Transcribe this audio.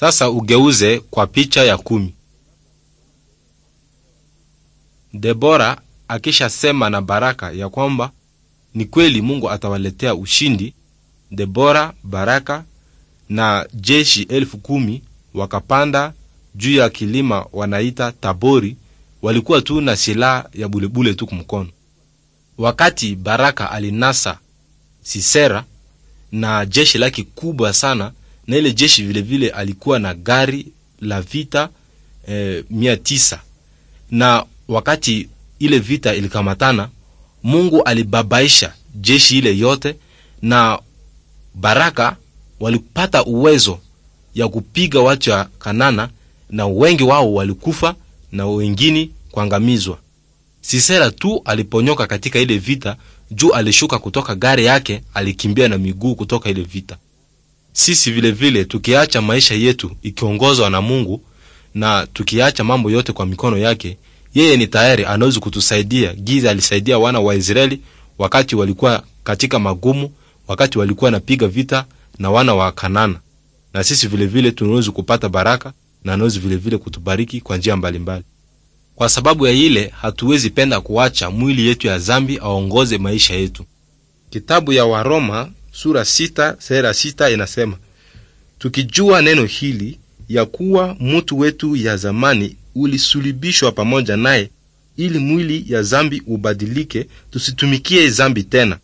Sasa ugeuze kwa picha ya kumi. Debora akishasema na Baraka ya kwamba ni kweli Mungu atawaletea ushindi, Debora, Baraka na jeshi elfu kumi wakapanda juu ya kilima wanaita Tabori. Walikuwa tu na silaha ya bulebule tu kumkono. Wakati Baraka alinasa Sisera na jeshi lake kubwa sana na ile jeshi vilevile vile alikuwa na gari la vita eh, mia tisa na wakati ile vita ilikamatana, Mungu alibabaisha jeshi ile yote, na Baraka walipata uwezo ya kupiga watu ya Kanana, na wengi wao walikufa na wengine kuangamizwa. Sisera tu aliponyoka katika ile vita juu alishuka kutoka gari yake, alikimbia na miguu kutoka ile vita sisi vilevile vile, tukiacha maisha yetu ikiongozwa na Mungu na tukiacha mambo yote kwa mikono yake, yeye ni tayari anaweza kutusaidia giza. Alisaidia wana wa Israeli wakati walikuwa katika magumu, wakati walikuwa napiga vita na wana wa Kanana, na sisi vilevile tunaweza kupata baraka na anaweza vilevile kutubariki kwa njia mbalimbali. Kwa sababu ya ile, hatuwezi penda kuacha mwili yetu ya zambi aongoze maisha yetu. Kitabu ya Waroma sura sita sera sita inasema, tukijua neno hili ya kuwa mutu wetu ya zamani ulisulibishwa pamoja naye, ili mwili ya zambi ubadilike, tusitumikie zambi tena,